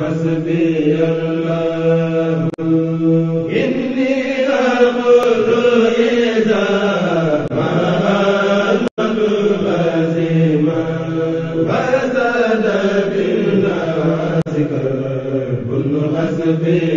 حسبي الله إني أقول إذا ما أنت لازما فسد بالناس حسبي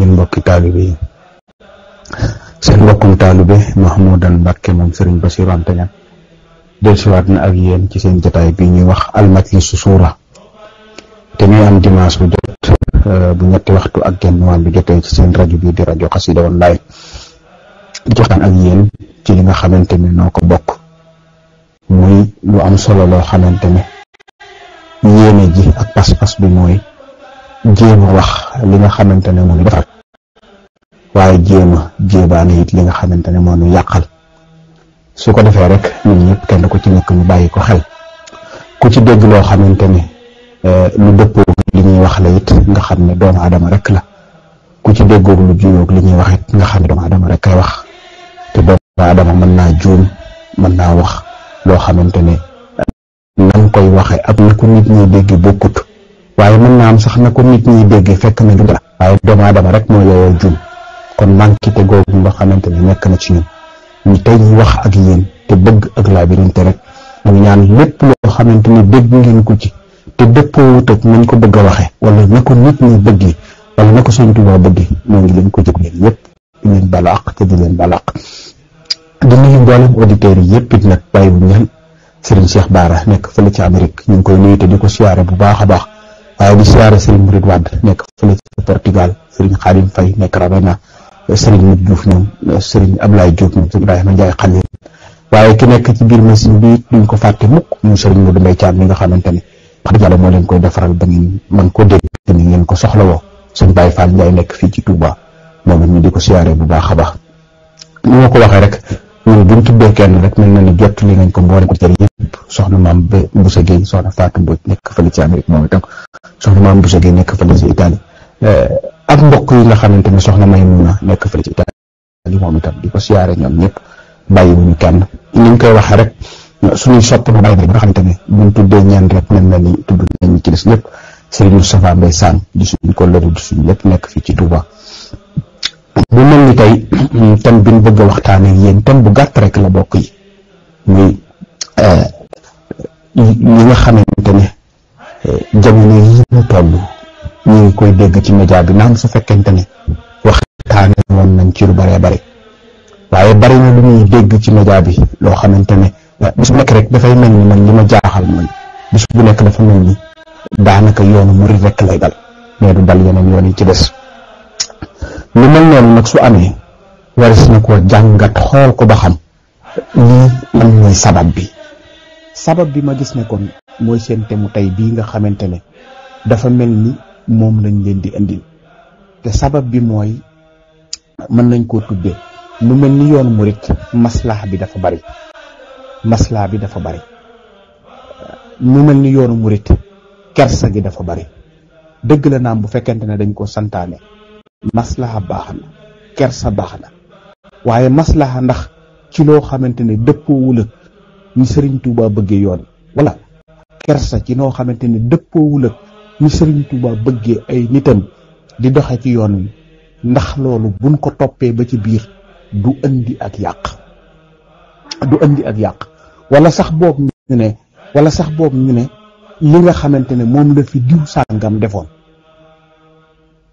ñun mbokki talibé yi seen talibé taalibe Mahmoudan Mbacke mom Serigne bassir Bassirou ya. del ci wat na ak yeen ci seen jotaay bi ñuy wax al almajlisu sura té ñu am dimanche eh, bu jot bu ñett waxtu ak genn wal bi jotté ci seen radio bi di radio qasida Online di joxtaan ak yeen ci li nga xamanteni noko bok muy lu am solo lo xamanteni ne yéene ji ak pas-pas bi moy jéema wax li nga xamante ne moom defal waaye jéema jéebaane it li nga xamante ne moo ñu yàqal su ko defee rek ñun ñëpp kenn ku ci nekk ñu bàyyi ko xel ku ci dégg loo xamante ne euh, lu dëppoo li ñuy wax la it nga xam ne doomu aadama rek la ku ci déggoo lu juyoog li ñuy wax it nga xam ne doomu aadama rek kay wax te doomu aadama mën naa juum mën naa wax loo xamante ne koy waxe ak ni ku nit ñi dégg bokkut waaye mën naa am sax na ko nit ñi dégg fekk na du rek waaye doomu aadama rek kon yeyoo juum kon mànkite googu nga xamante ne nekk na ci ñun ñu tey wax ak yéen te bëgg ak laabirinte rek ñu ñaan lépp loo xamante ni dégg ngeen ko ci te dëppoo wut ak ko bëgg a waxee na ko nit ñi bëgg wala na ko Sëñ Tuubaa bëgg moo ngi leen ko jóg leen yëpp di leen balaax te di leen balaax di nuyu mboolem auditeurs yi yëpp it nag bàyyiwuñ ñan Serigne Cheikh Bara nekk fële ci Amérique ñu ngi koy nuyu ko siyaare bu baax a baax. waaye di siyaare Serigne Mouride Wade nekk fële ci Portugal Serigne Khadim Faye nekk Ravenna Serigne Mout Diouf ñoom Serigne Ablaye Diop ñoom Serigne Ibrahima Ndiaye waaye ki nekk ci biir machine bi duñ ko fàtte mukk mu Serigne Mouride Mbaye Thiam mi nga xamante ni wax dëgg yàlla moo leen koy defaral ba ngeen mën ko dégg ni ngeen ko soxlawoo Serigne Baye Fall Ndiaye nekk fii ci Touba moom it ñu di ko siyaare bu baax a baax ni ma ko waxee rek. ñun buñ tuddee kenn rek mel na ni jot li nañ ko mboolem auditeurs yëpp soxna maam Boussa Gueye soxna Fatou nekk fële ci Amérique moom itam soxna maam Boussa Gueye nekk fële ci Italie eh, ak mbokk yi nga xamante ni soxna Maymuna nekk fële ci Italie moom itam di ko siyaare ñoom ñëpp bàyyi wuñu kenn ni ñu koy waxee rek suñuy sopp na bàyyi nga xamante ne buñ tuddee ñeen rek mel na ni tudd nañu ci des ñëpp Serigne Moustapha Mbaye Sane di suñu ko lëru di suñu lépp nekk fii ci Touba bu mel ni tey mm, thème bi ñu bëgg a waxtaan ak yéen bu gàtt rek la bokk yi muy euh, ñi nga xamante ne euh, jamono yi ñu toll ñu ngi koy dégg ci média bi naam su fekkente ne waxtaane woon nañ ci lu bare bare waaye bari lu ñuy dégg ci média bi loo xamante ne bis bu nekk rek dafay mel ni man li ma jaaxal man bis bu nekk dafa mel ni daanaka yoonu murid rekk lay dal mais du dal yeneen yoon ci des lu mel noonu nag su amee waris na ko jàngat xool ko ba xam lii lan mooy sabab bi sabab bi ma gis ne kon mooy seen te mu tey bii nga xamante ne dafa mel ni moom lañ leen di indi te sabab bi mooy mën nañ koo tuddee mu mel ni yoonu murit maslaa bi dafa bari maslaa bi dafa bari mu mel ni yoonu murit kersa gi dafa bari dëgg la naam bu fekkente ne dañ koo santaane maslaha baax na kersa baax na waaye maslaha ndax ci loo xamante ne dëppoowul ak ni Serigne Touba bëggee yoon wala kersa ci noo xamante ne dëppoowul ak ni Serigne Touba bëggee ay nitam di doxe ci yoon wi ndax loolu buñ ko toppee ba ci biir du andi ak yàq du andi ak yàq wala sax boobu ñu ne wala sax boobu ñu ne li nga xamante ne moom la fi diw sàngam defoon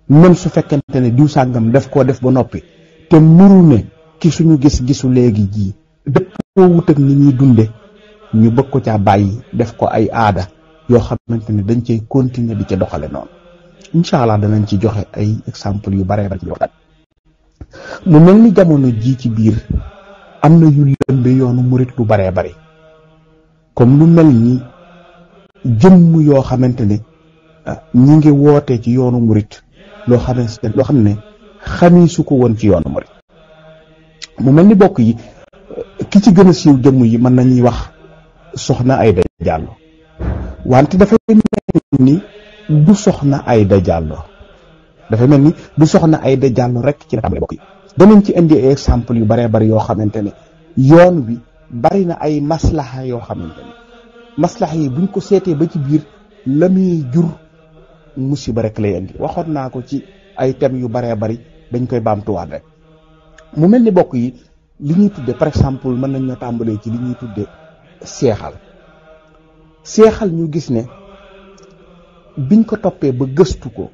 même su fekkente ne diw sàngam daf koo def ba noppi te muru ne ki suñu gis-gisu léegi jii dëppoo wut ñuy dunde ñu bëgg ko caa bàyyi def ko ay aada yoo xamante ne dañ cay continuer di ca doxale noonu incha allah danañ ci joxe ay exemple yu bare bare ci mu mel ni jamono ji ci biir am na yu lëmbe yoonu murit lu baree bari comme lu mel ni jëmm yoo xamante ne ah, ñi ngi woote ci yoonu murit loo xamee loo xam ne xamee su ko woon ci yoonu murit mu mel ni bokk yi ki ci gën a siiw jëmm yi mën nañuy wax soxna ay Jàllo wante dafay mel ni du soxna ay Jàllo dafay mel ni du soxna Ayda Jàllo rek ci la tàmbalee bokk yi danañ ci indi ay exemple yu baree bari yoo xamante ne yoon wi bari na ay maslaha yoo xamante ne maslaha yi buñ ko seetee ba ci biir la muy jur musiba rek lay indi waxon nako ci ay tem yu bare bari dañ koy wat rek mu melni bokk yi li ñuy tudde par exemple mën nañ ñoo tambalé ci li ñuy tudde seexal seexal ñu gis ne biñ ko toppee ba gëstu ko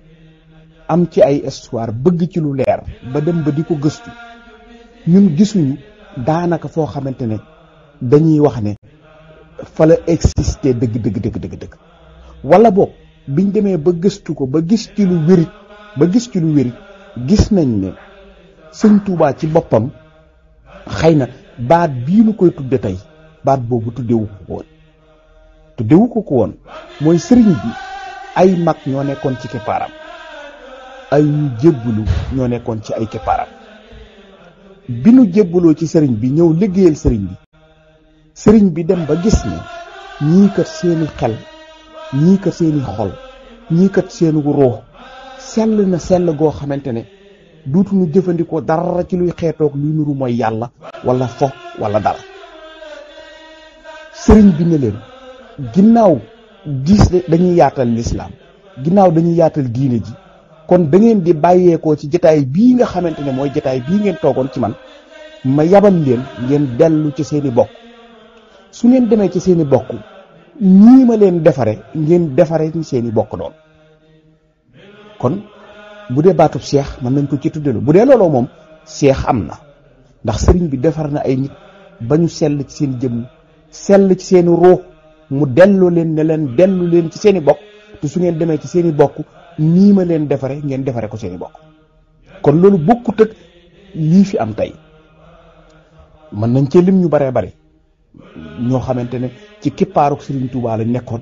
am ci ay histoire bëgg ci lu leer ba dem ba diko gëstu ñun gisuñu daanaka fo xamantene ne dañuy wax né fa la exister deug deug deug deug deug wala bok biñ demee ba gëstu ko ba gis ci lu wérit ba gis ci lu wérit gis nañ ne sëñ Tuubaa ci boppam xëy na baat bii nu koy tudde tey baat boobu tuddewu ko ko woon tuddewu ko ko woon mooy sëriñ bi ay mag ñoo nekkoon ci keppaaram ay ñu jébbalu ñoo nekkoon ci ay keppaaram bi nu jébbaloo ci sëriñ bi ñëw liggéeyal sëriñ bi sëriñ bi dem ba gis ne ñii kat seeni xel ñii kat seeni xol ñii kat seeni ruux sell na sell goo xamante ne duutuñu jëfandikoo dara ci luy xeetoog luy nuru mooy yàlla wala fo wala dara sëriñ bi ne leen ginnaaw diis dañuy yaatal lislaam ginnaaw dañuy yaatal diine ji kon da ngeen di bàyyeekoo ci jataay bii nga xamante ne mooy jataay bii ngeen toogoon ci man ma yabal leen ngeen dellu ci seeni bokk su ngeen demee ci seeni bokk ñii ma leen defare ngeen defare ñu seen bokk doon kon bu dee baatub seex mën nañ ko ci tuddelu bu dee looloo moom seex am na ndax sëriñ bi defar na ay nit ba ñu sell ci seen jëmm sell ci seen ruux mu dellu leen ne leen dellu leen ci seen i bokk te su ngeen demee ci seen i bokk nii ma leen defare ngeen defare ko seen i bokk kon loolu bokkut ak lii fi am tey mën nañ cee lim ñu baree bari ñoo xamante ne ci kippaaruk Serigne Touba la nekkoon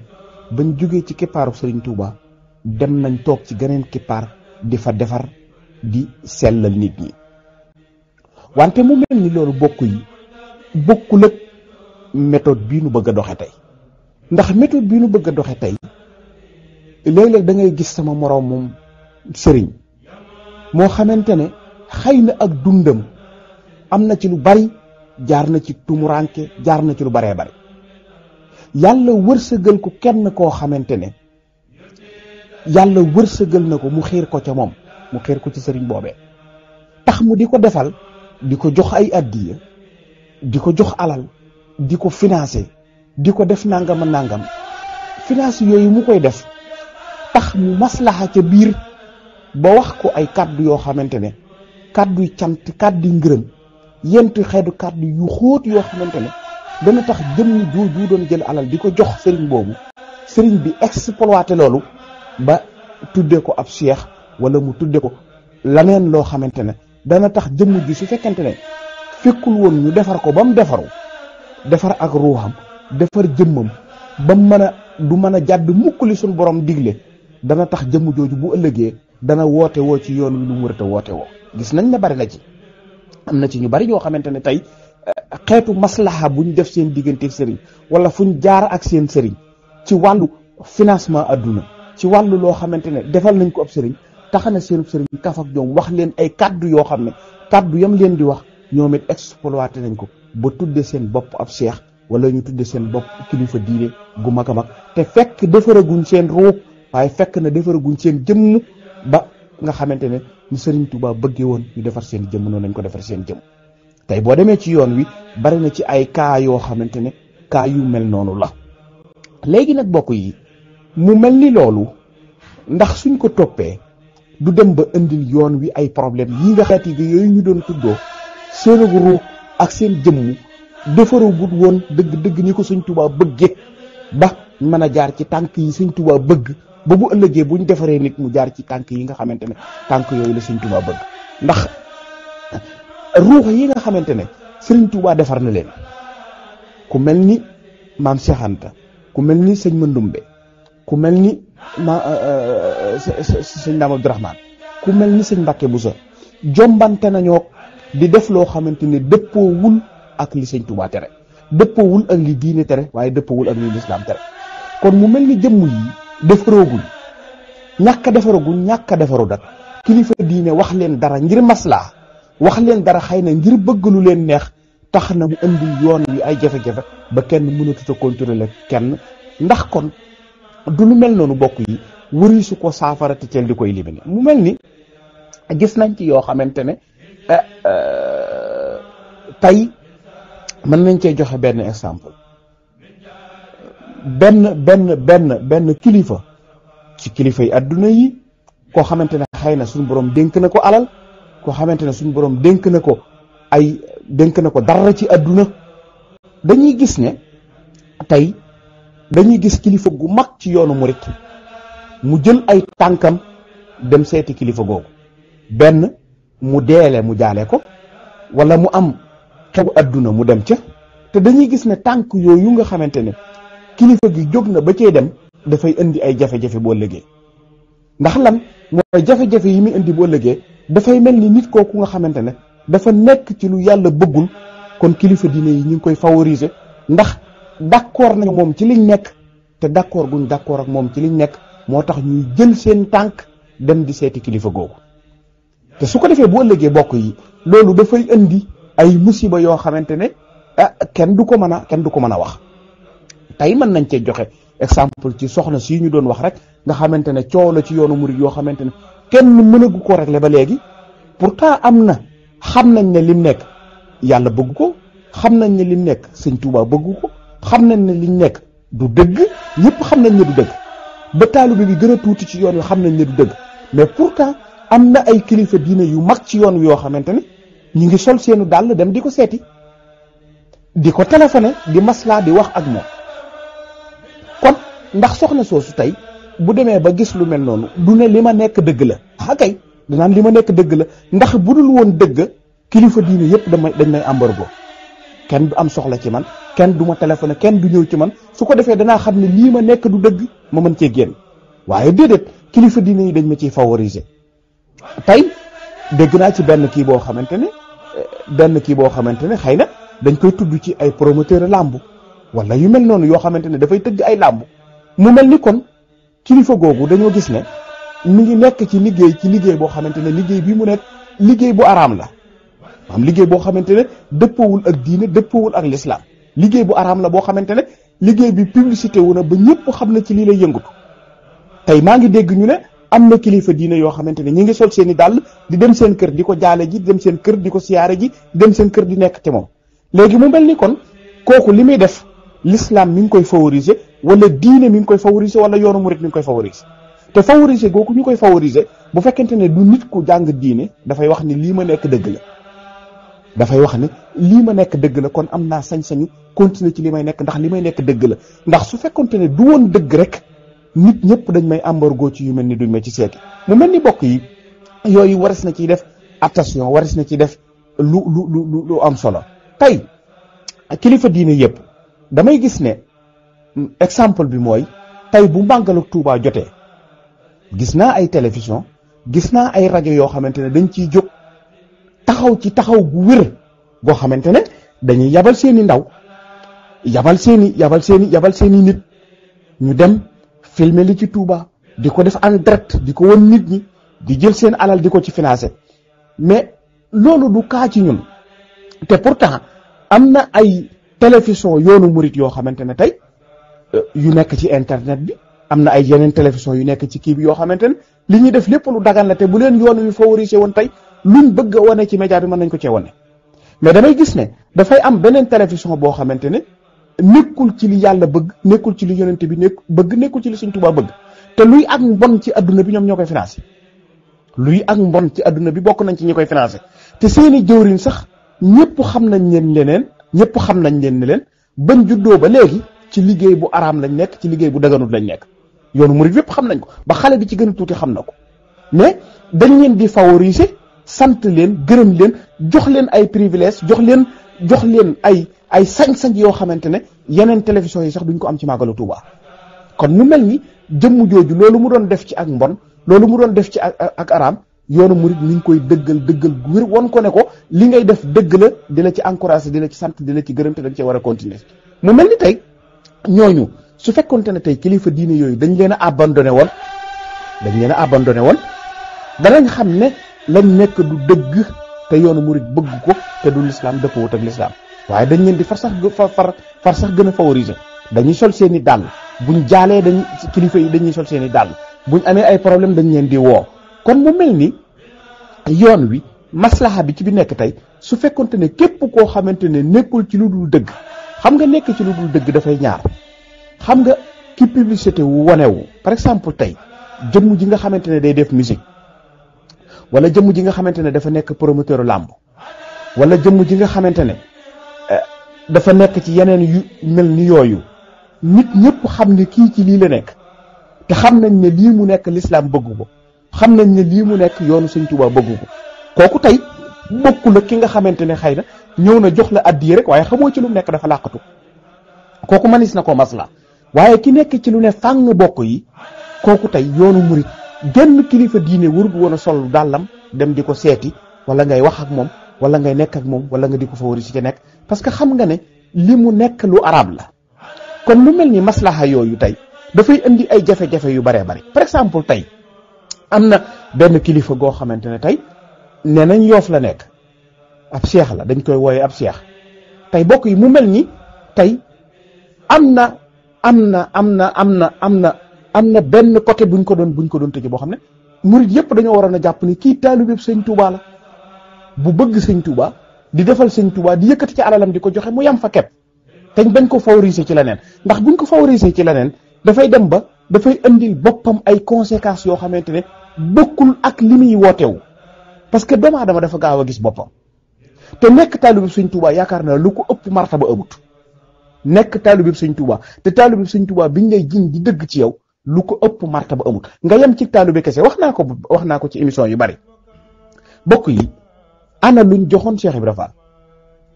bañ jógee ci kippaaruk Serigne Touba dem nañ toog ci geneen kippaar di fa defar di la nit ñi wante mu mel ni loolu bokk yi bokkul ak méthode bii nu bëgg a doxe tey ndax méthode bii nu bëgg a doxe tey léeg-léeg dangay gis sama moroom moom sëriñ moo xamante ne xëy na ak dundam am na ci lu bari jaar na ci tumuranke jaar na ci lu baree bari yàlla wërsëgal ko kenn koo xamante ne yàlla wërsëgal na ko mu xiir ko ca moom mu xiir ko ci sëriñ boobee tax mu di ko defal di ko jox ay addiya di ko jox alal di ko financé di ko def nangam a nangam finance yooyu mu koy def tax mu maslaxa ca biir ba wax ko ay kàddu yoo xamante ne kàdduy cant kàdduy ngërëm yent xeetu kàddu yu xóot yoo xamante ne dana tax jëmm jooju doon jël alal di ko jox sëriñ boobu sëriñ bi exploité loolu ba tuddee ko ab cheikh wala mu tuddee ko laneen loo xamante ne dana tax jëmm ji su fekkente ne fekkul woon ñu defar ko ba mu defaru defar ak ruuxam defar jëmmam ba mu mën a du mën a jàdd mukk li suñ borom digle dana tax jëmm jooju bu ëllëgee dana woote woo ci yoon wi lu mu wërata woote woo gis nañ na bari na ci am na ci ñu bari ñoo xamante ne tey xeetu maslaha buñ def seen digënté sering, sëriñ wala fuñ jaar ak seen sëriñ ci walu financement aduna ci walu lo xamantene defal nañ ko ab sëriñ taxana seen seenub sëriñ kaf ak ñoom wax leen ay kàddu yo xamne ne yam leen di wax ñoom it nañ ko ba tuddé seen bop ab cheikh wala ñu tuddé seen bop kilifa diiné gu maka mak té te fekk defaraguñ seen ru way fekk na defaraguñ seen jëm ba nga xamantene ni sëriñ touba bëggee ñu defar seen jëm non lañ ko defar seen jëm tey boo demee ci yoon wi bari na ci ay kaa yoo xamante ne kaa yu mel noonu la léegi nag bokk yi mu mel ni loolu ndax suñ ko toppee du dem ba indil yoon wi ay problème yi nga xeeti gi yooyu ñu doon tuddoo seen ruux ak seen jëmm defaroo gut woon dëgg dëgg ni ko suñ tubaa bëgge ba mën a jaar ci tànk yi suñ tubaa bëgg ba bu ëllëgee buñ defaree nit mu jaar ci tànk yi nga xamante ne tànk yooyu la suñ tubaa bëgg ndax ruux yi nga xamante ne Serigne Touba defar na leen ku mel ni maam Cheikh ku mel ni sëñ Mandoumbe ku mel ni ma euh, euh, sëñ Ndam Abdourahmane ku mel ni sëñ Mbacke Bousso jombante nañoo di def loo xamante ne dëppoowul ak li sëñ Touba tere dëppoowul ak li diine tere waaye dëppoowul ak li lislaam tere kon mu mel ni jëmm yi defarooguñ ñàkk a defaraguñ ñàkk a defaru dak kilifa diine wax leen dara ngir maslaa wax leen dara xëy na ngir bëgg lu leen neex tax na mu indi yoon wi ay jafe-jafe ba kenn mënatut a contrôler kenn ndax kon du lu mel noonu bokk yi wëri su ko saafara te teel di ko éliminer mu mel ni gis nañ ci yoo xamante ne eh, eh, tey mën nañ cee joxe benn exemple benn benn benn kilifa ci kilifa yi adduna yi koo xamante ne xëy na suñu borom dénk na ko alal koo xamante ne suñu borom dénk na ko ay dënk na ko dara ci àdduna dañuy gis ne tey dañuy gis kilifa gu mag ci yoonu murit mu jël ay tànkam dem seeti kilifa googu benn mu deele mu jaale ko wala mu am xew àdduna mu dem ca te dañuy gis ne tànk yooyu nga xamante ne kilifa gi jóg na ba cee dem dafay indi ay jafe-jafe boo lëgee ndax lan mooy jafe-jafe yi muy indi boo lëgee dafay mel ni nit kooku nga xamante ne dafa nekk ci lu yàlla bëggul kon kilifa diine yi ñu ngi koy favoriser ndax d'accord nañ moom ci liñ nekk te d'accord guñ d'accord ak moom ci liñ nekk moo tax ñuy jël seen tànk dem di seeti kilifa googu te su ko defee bu ëllëgee bokk yi loolu dafay indi ay musiba yoo xamante ne ah, kenn du ko mën a kenn du ko mën a wax tey mën nañ cee joxe exemple ci soxna si ñu doon wax rek nga xamante ne coow la ci yoonu murid yoo xamante ne kenn mënagu ko régler ba léegi pourtant am na xam nañ ne lim nekk yàlla bëgg ko xam nañ ne lim nekk sëñ Tuubaa bëgg ko xam nañ ne liñ nekk du dëgg ñëpp xam nañ ne du dëgg ba taalibe bi gën a tuuti ci yoon wi xam nañ ne du dëgg mais pourtant am na ay kilifa diine yu mag ci yoon wi yoo xamante ne ñu ngi sol seenu dàll dem di ko seeti di ko téléphoné di maslaa di wax ak moom kon ndax soxna soosu tey bu demee ba gis lu mel noonu du ne li ma nekk dëgg la akay ah, danaan li ma nekk dëgg la ndax bu dul woon dëgg kilifa diine yëpp damay dañ may embargo kenn du am soxla ci man kenn du ma téléphoné kenn du ñëw ci man su ko defee danaa xam ne lii ma nekk du dëgg ma mën cee génn waaye déedéet kilifa diine yi dañ ma ciy favoriser tey dégg naa ci benn kii boo xamante ne eh, benn kii boo xamante ne xëy na dañ koy tudd ci ay promoteur làmb walla yu mel noonu yoo xamante ne dafay tëgg ay làmb kilifa googu dañoo gis ne mu ngi nekk ci liggéey ci liggéey boo xamante ne liggéey bi mu nekk liggéey bu araam la maanaam liggéey boo xamante ne dëppawul ak diine dëppawul ak lislaam liggéey bu araam la boo xamante ne liggéey bi publicité wu na ba ñëpp xam na ci lii lay yëngatu tey maa ngi dégg ñu ne am na kilifa diine yoo xamante ne ñi ngi sol seen i dàll di dem seen kër di ko jaale ji di dem seen kër di ko siyaare ji di dem seen kër di nekk ci moom léegi mu mel ni kooku li muy def l'islam mi ngi koy favoriser wala diine mi ngi koy favoriser wala yoonu rek mi ngi koy favoriser te favoriser googu ñu koy favoriser bu fekkente ne du nit ku jàng diine dafay wax ni lii ma nekk dëgg la dafay wax ni lii ma nekk dëgg la kon am naa sañ-sañu continuer ci li may nekk ndax li may nekk dëgg la ndax su fekkante ne du woon dëgg rek nit ñëpp dañ may embargo ci yu mel ni duñ ma ci seeti mu mel ni bokk yi yooyu waris na ciy def attention waris na ciy def lu lu am solo tey kilifa diine yëpp damay gis ne mm, exemple bi mooy tey bu màggalu Touba jotee gis naa ay télévision gis naa ay rajo yoo xamante ne dañ ciy jóg taxaw ci taxaw gu wér goo xamante ne dañuy yabal seeni ndaw yabal seeni yabal seeni yabal seeni nit ñu dem filmer li ci Touba di ko def en direct di ko won nit ñi di jël seen alal di ko ci financé mais loolu du kaa ci ñun te pourtant am na ay télévision yoonu murit yoo xamante ne tey euh, yu nekk ci internet bi am na ay yeneen télévision yu nekk ci kii bi yoo xamante ne li ñuy def lépp lu dagan la te bu leen yoon wi favoriser woon tey luñ bëgg wane ci média bi mën nañ ko cee wane. mais damay gis ne dafay am beneen télévision boo xamante ne nekkul ci li yàlla bëgg nekkul ci li yonente bi nekk bëgg nekkul ci li Sëñ Tuubaa bëgg te luy ak mbon ci adduna bi ñoom ñoo koy financé luy ak mbon ci adduna bi bokk nañ ci ñi koy financé te seeni jëwriñ sax ñëpp xam nañ leen leneen ñëpp xam nañ leen ne leen bañ juddoo ba léegi ci liggéey bu araam lañ nekk ci liggéey bu daganut lañ nekk yoonu murid yëpp xam nañ ko ba xale bi ci gën a tuuti xam na ko mais dañ leen di favoriser sant leen gërëm leen jox leen ay privilèges jox leen jox leen ay ay sañ-sañ yoo xamante ne yeneen télévision yi sax duñ ko am ci màggalu Tuuba kon mu mel ni jëmm jooju loolu mu doon def ci ak mbon loolu mu doon def ci ak ak araam yoonu murit ni ngi koy dëggal dëggal wër wér won ko ne ko li ngay def dëgg la di la ci encouragé di la ci sant di la ci gërëm dañ cee war a continuer mu mel ni tey ñooñu su fekkonte ne tey kilifa diine yooyu dañ leen a abandonné woon dañ leen a abandonné woon danañ xam ne lañ nekk du dëgg te yoonu murit bëgg ko te du lislaam dëppoowut ak lislaam waaye dañ leen di far sax far far sax gën a favoriser dañuy sol seen i dàll buñ jaalee dañ kilifa yi dañuy sol seen daal dàll buñ amee ay problème dañ leen di woo kon mu mel ni yoon wi maslaha bi ci bi nekk tey su fekkante ne képp koo xamante ne nekkul ci lu dul dëgg xam nga nekk ci lu dul dëgg dafay ñaar xam nga ki publicité wu wane wu par exemple tey jëmm ji nga xamante ne day def musique wala jëmm ji nga xamante ne dafa nekk promoteur làmb wala jëmm ji nga xamante ne eh, dafa nekk ci yeneen yu mel ni yooyu nit ñëpp xam ne kii ci lii la nekk te xam nañ ne lii mu nekk l'islam bëgg xam nañ ne lii mu nekk yoonu sëñ Tuubaa bëggu ko kooku tey bokkul ak ki nga xamante ne xëy na ñëw na jox la addi rek waaye xamoo ci lu nekk dafa làqatu kooku manis na ko masla waaye ki nekk ci lu ne fàng bokk yi kooku tey yoonu murit genn kilifa diine warut woon a sol dàllam dem di ko seeti wala ngay wax ak moom wala ngay nekk ak moom wala nga di ko ci nekk parce que xam nga ne li mu nekk lu arab la kon lu mel ni maslaha yooyu tey dafay indi ay jafe yu baree bari exemple tey am na benn kilifa goo xamante ne tey nee nañ yoof la nekk ab seex la dañ koy wooye ab seex tey bokk yi mu mel ni tey am na am na am na am na am na am na benn côté buñ ko doon buñ ko doon tëjee boo xam ne murid yëpp dañoo waroon a jàpp ni kii taalibe sëñ Tuubaa la bu bëgg sëñ Tuubaa di defal sëñ Tuubaa di yëkkati ci alalam di ko joxe mu yam fa kepp te bañ ko favoriser ci leneen ndax buñ ko favoriser ci leneen dafay dem ba dafay andil boppam ay conséquences yoo xamante ne Bukul ak limi wotew parce que dama dama dafa gawa gis bopam te nek talib seigne touba yakar na lu ko martaba amut Nek talib seigne touba te talib seigne touba biñ lay jiñ di deug ci yow lu ko martaba amut nga yam ci talib kesse waxna ko waxna ko ci emission yu bari bokku yi ana luñ joxone Cheikh ibrahim Fall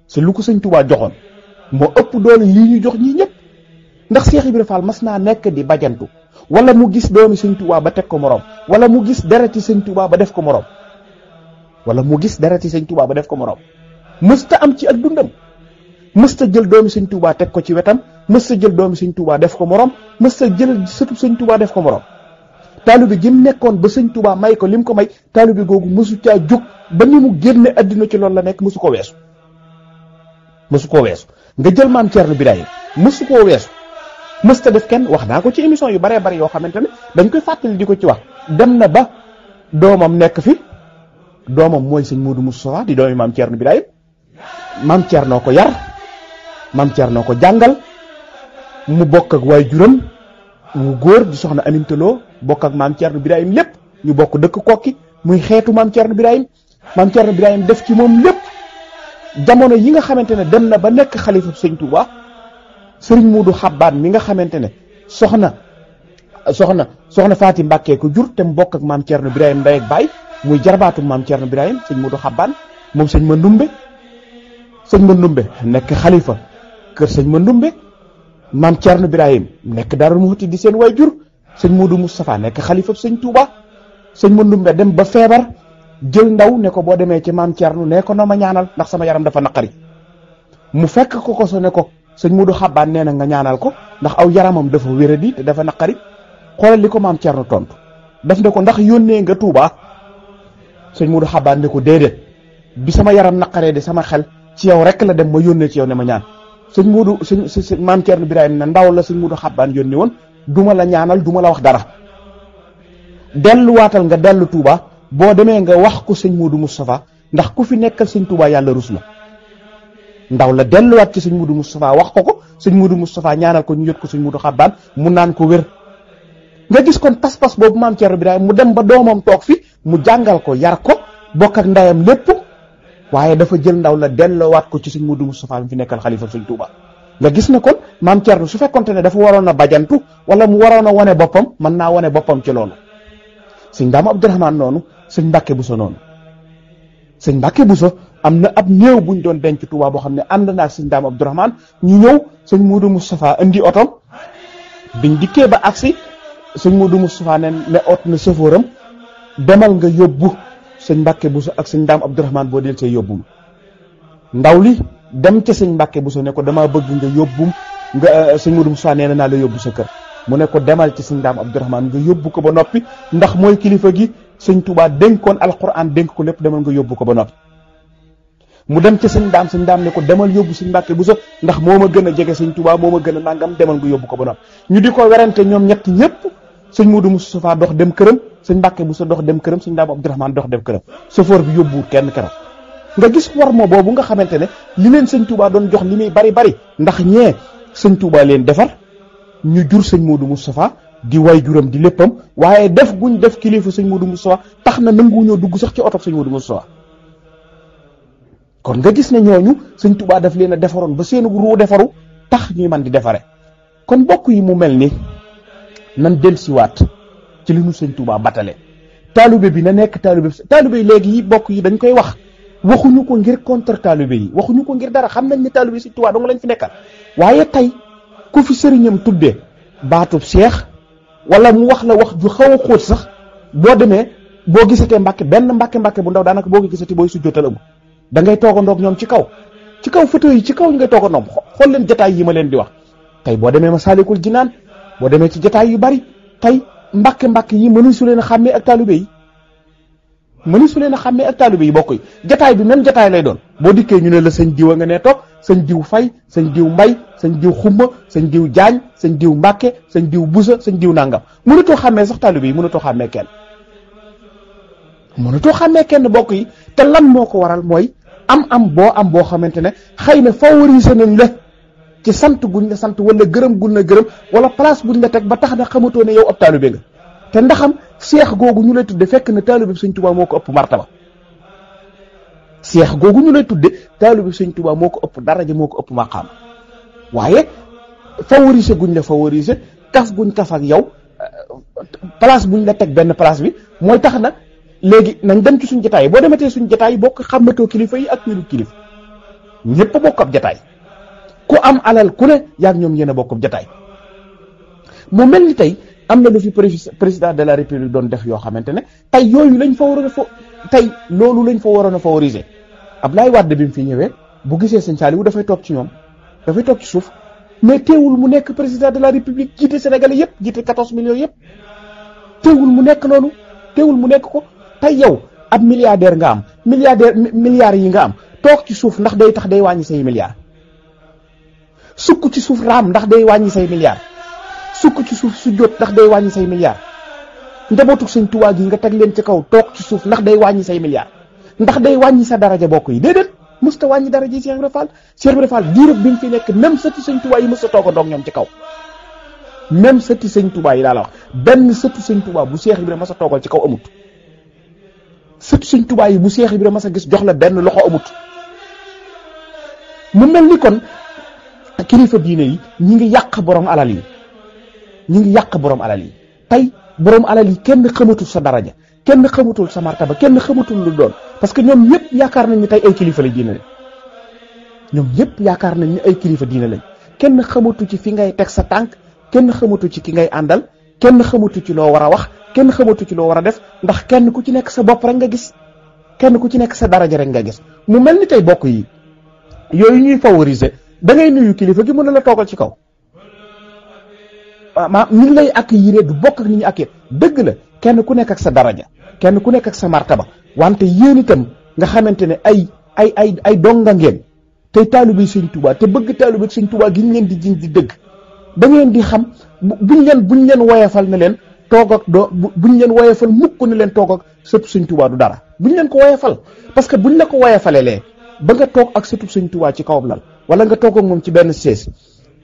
ce lu ko Sëñ Tuubaa joxoon moo ëpp doole lii ñu jox ñi ñep ndax Cheikh ibrahim Fall masna nek di bajantu wala mu gis doomi seigne touba ba tek ko morom wala mu gis dereti sëñ Tuubaa ba def ko moroom wala mu gis dereti sëñ Tuubaa ba def ko moroom mësta am ci ak dundam mësta jël doomi sëñ Tuubaa teg ko ci wetam mësta jël doomi sëñ Tuubaa def ko moroom mësta jël sëtub def ko moroom taalibe gi mu nekkoon ba sëñ Tuubaa may ko lim ko may taalibe googu mësu caa jóg ba ni mu génne àddina ci loolu la nekk mësu ko weesu mësu ko weesu nga jël maam Thierno Birahim mësu koo weesu mësta def kenn wax naa ko ci émission yu bare bari yoo xamante ne dañ koy fàttali di ko ci wax dem na ba doomam nekk fi doomam mooy sëñ Modou Moustapha di doomi maam Thierno Birahim maam Thierno ko yar maam Thierno ko jàngal mu bokk ak waay juram góor di soxna amintaloo bokk ak maam Thierno Birahim lépp ñu bokk dëkk kokki muy xeetu maam Thierno Birahim maam Thierno Birahim def ci moom lépp jamono yi nga xamante ne dem na ba nekk xalifa sëñ Touba sëriñ Muudu Xabbaan mi nga xamante ne soxna soxna soxna Faati Mbàkke ko jur te mu ak maam Thierno Birahim ndey ak baay muy jarbaatu maam Thierno Birahim sëñ Muudu Xabbaan moom sëñ ma ndumbe sëñ ma nekk xalifa kër sëñ ma ndumbe maam Thierno Birahim nekk Daaru Muxti di seen way jur sëñ Muudu Moustapha nekk xalifa sëñ tuuba sëñ ma ndumbe dem ba feebar jël ndaw ne ko boo demee ci maam Thierno ne ko na ma ñaanal ndax sama yaram dafa naqari mu fekk ko ko so ne ko sëñ Modou Xabbaan nee na nga ñaanal ko ndax aw yaramam dafa wéradi te dafa naqari xolal liko maam Thierno tontu daf ne ko ndax yonne nga Touba sëñ Modou Xabbaan ne ko déedéet bi sama yaram naqaree de sama xel ci yow rek la dem ma yonne ci yow ne ma ñaan sëñ Modou sëñ sëñ maam Thierno Birahim ne ndaw la sëñ Modou Xabbaan yónnee won duma la ñaanal duma la wax dara watal nga delu Touba bo demee nga wax ko sëñ Modou Moustapha ndax ku fi nekkal sëñ Touba yalla rusul la ndaw la wat ci seigne mudu mustapha wax ko ko seigne mudu mustapha ñaanal ko ñu yott ko seigne mudu xabbaan mu naan ko wër nga gis kon pas-pas boobu maam Thierno Birahim mu dem ba domam tok fi mu jangal ko yar ko bok ak ndayam lepp waye dafa jël ndaw la wat ko ci seigne mudu mustapha fi nekkal khalifa seigne Touba nga gis na kon maam Thierno su fekkonte ne dafa warona bajantu wala mu warona woné wane man na woné wane ci lolu seigne dama abdourahman nonu seigne Mbàkke bu so nonu sëñ Mbacke Bousso am na ab néew buñ doon denc Touba bo xam ne ànd naa sëñ Daam Abdourahmane ñu ñew sëñ Modou Moustapha indi otom biñ dikkee ba aksi sëñ Modou Moustapha ne ne auto na sëfóoram demal nga yobbu sëñ Mbacke Bousso ak sëñ Daam abdourahman bo del ci yobbu ndaw li dem ci sëñ Mbacke Bousso ne ko dama bëgg nga yobbu nga eh, sëñ Modou Moustapha nee na la yobbu sa kër mu ne ko demal ci sëñ Daam abdourahman nga yobbu ko ba noppi ndax moy kilifa gi sëñ Touba dénkoon alquran denk ko lépp demal nga yóbbu ko ba noppi mu dem ca sëñ daam sëñ daam ne ko demal yóbbu sëñ Mbàkke bu so ndax moo ma gën a jege sëñ Touba moo ma gën a nangam demal nga yóbbu ko ba noppi ñu di ko werante ñoom ñetti ñëpp sëñ Modou Moustapha dox dem këram sëñ Mbàkke bu so dox dem këram sëñ daam Abdourahmane dox dem këram sofoor bi yóbbuwut kenn këram nga gis warma boobu nga xamante ne li leen sëñ Touba doon jox li muy bari bari ndax ñee sëñ Touba leen defar ñu jur sëñ Modou Moustapha di wayjuram di léppam waaye def guñ def kilifa sëñ Modou Moustapha tax na nanguwuñoo dugg sax ci oto du Modou Moustapha kon nga gis na ñooñu sëñ tubaa daf leen a defaroon ba seen ruu defaru tax ñuy man di defaree kon bokk yi mu mel ni nan siwaat ci li nu sëñ Touba batale taalube bi na nekk taalube bi yi léegi yi bokk yi dañ koy wax waxuñu ko ngir contre taalube yi waxuñu ko ngir dara xam nañ ni taalube sëñ Touba dong lañ fi nekka waaye tey ku fi sëriñam tudde baatub seex wala mu wax la wax ju xaw a xóot sax boo demee boo gisatee mbàkke benn mbàkke mbàkke bu ndaw daanaka boo ko gisatee booy su jotal amul da ngay ñoom ci kaw ci kaw photo yi ci kaw ngay toogandoom xool leen jataay yi ma leen di tey boo demee Masaalikul Jinaan boo demee ci jataay yu bari tey mbàkke mbàkke yi mënu su leen a xàmmee ak taalibe mënu su leen a xàmmee ak taalibe yi bokk yi jataay bi même jataay lay doon boo dikkee ñu ne la sëñ diw a nga nee toog sañ diw fay sañ diw mbay sëñ diw xumba sëñ diw jaañ sëñ diw mbàkke sëñ diw busa sëñ diw nàngam mënatoo xàmmee sax taalibe yi mënatoo xàmmee kenn mënatoo xàmmee kenn bokk yi te lan moo ko waral mooy am am boo am boo xamante ne xëy na favorisé nañ la ci sant guñ la sant wala gërëm gun la gërëm wala place buñ la teg ba tax na xamatoo ne yow ab taalibe nga te ndaxam seex googu ñu lay tudde fekk na taalibe bi sëñ Tuubaa moo ko ëpp martaba seex googu ñu lay tudde taalibe bi sëñ Tuubaa moo ko ëpp daraja moo ko ëpp waaye favoriser guñ la favoriser kaf guñ kaf ak yow euh, place buñ la teg benn place bi mooy tax na léegi nañ dem ci suñ jataay boo demee dematee suñ jataay bokk xàmmatoo kilifa yi ak ñun kilifa ñëpp bokk ab jataay ku am alal ku ne yaag ñoom yenn a bokk ab jataay mu mel ni tey am na lu fi président de la république doon def yoo xamante ne tey yooyu lañ fa waroon a fa tey loolu lañ fa waroon a favoriser Ablaye Wade bi mu fi ñëwee bu gisee sëñ Saliou dafay toog ci ñoom. dafay tok ci souf mais téwul mu nek président de la république jité sénégalais yépp jité 14 millions yépp téwul mu nek noonu téwul mu nek ko tay yow ab milliardaire nga am milliardaire milliards yi nga am tok ci souf ndax day tax day wañi say milliards sukku ci souf ram ndax day wañi say milliards sukku ci souf su jot ndax day wañi say milliards njabootu seigne touba gi nga tag len ci kaw tok ci souf ndax day wañi say milliards ndax day wañi sa daraja bokk yi musta wàññi dara ji Cheikh Ibra Fall Cheikh Ibra Fall diirëb bi mu fi nekk même sëti sëñ Touba yi musta toog a doog ñoom ci kaw même sëti sëñ yi laa benn sëtu sëñ Touba bu Cheikh Ibra mas a toogal ci kaw amut sëtu sëñ Touba yi bu Cheikh Ibra mas a gis jox la benn loxo amut mu mel ni kon kilifa diine yi ñu ngi yàq borom alal yi ñu ngi yàq borom alal yi tey borom alal yi kenn xamatul sa daraja kenn xamutul sa martaba kenn xamutul lu doon parce que ñoom ñëpp yaakaar nañ ni tey ay kilifa la diine lañ ñoom ñëpp yaakaar nañ ni ay kilifa diine lañ kenn xamatu ci fi ngay teg sa tànk kenn xamatu ci ki ngay àndal kenn xamatu ci loo war a wax kenn xamatu ci loo war a def ndax kenn ku ci nekk sa bopp rek nga gis kenn ku ci nekk sa daraja rek nga gis mu mel ni tey bokk yi yooyu ñuy favoriser da ngay nuyu kilifa gi mën na la toogal ci kaw. waaw maam ñu ak lay accueillir du bokk ak ni ñu accueillir dëgg kenn ku nekk ak sa daraja kenn ku nekk ak sa martaba wante yéen itam nga xamante ne ay ay ay ay donga ngeen te taalibe sëñ Tuubaa te bëgg taalibe sëñ Tuubaa gi ñu leen di jiñ di dëgg da ngeen di xam buñ leen buñ leen woyefal ne leen toog ak doo buñ leen woyefal mukk ne leen toog ak sëpp sëñ Tuubaa du dara buñ leen ko woyefal parce que buñ la ko woyefalee lee ba nga toog ak sëtub sëñ Tuubaa ci kawam lal wala nga toog ak moom ci benn sees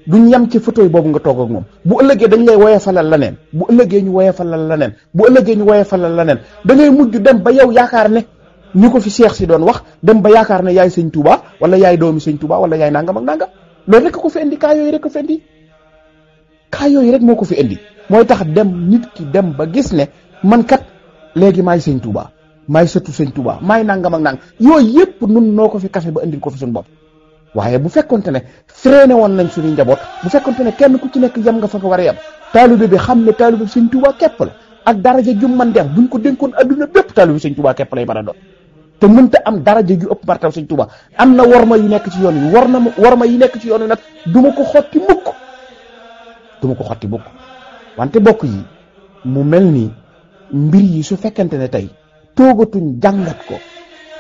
duñ yem ci fauteuil boobu nga toog ak moom bu ëllëgee dañ lay woyefalal leneen bu ëllëgee ñu woyefalal leneen bu ëllëgee ñu woyefalal leneen da ngay mujj dem ba yow yaakaar ne ni ko fi seex si doon wax dem ba yaakaar ne yaay sëñ Touba wala yaay doomi sëñ Touba wala yaay nangam ak nangam loolu rek ko fi indi kaa yooyu rek ko fi indi kaa yooyu rek moo ko fi indi mooy tax dem nit ki dem ba gis ne man kat léegi maay sëñ Touba maay sëtu sëñ Touba maay nangam ak nangam yooyu yëpp nun noo ko fi kafe ba ko fi bopp. waaye bu fekkonte ne ne woon nañ suñu njaboot bu fekkonte ne kenn ku ci nekk yem nga fa ko war a yem taalibe bi xam ne taalibe bi sëñ Tuubaa képp la ak daraja ju man deex buñ ko dénkoon adduna bépp taalibe bi sëñ Tuubaa képp lay mën a doon te mënta am daraja ju ëpp martaw sëñ Tuubaa am na warma yu nekk ci yoon wi war na warma yi nekk ci yoon wi nag du ma ko xotti mukk du ma ko xotti mukk wante bokk yi mu mel ni mbir yi su fekkente ne tey toogatuñ jàngat ko